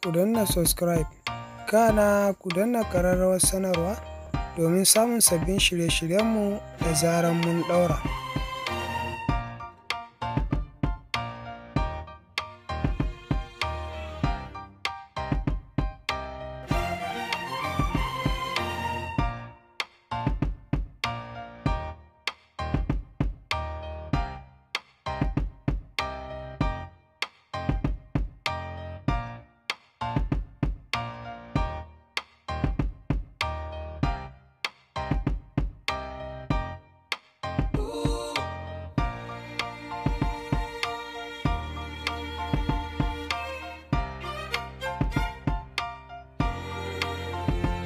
ku danna subscribe kana ku danna ƙararrawar sanarwa domin samun sabbin shirye-shiryenmu da zaran mun ɗaura. Bye.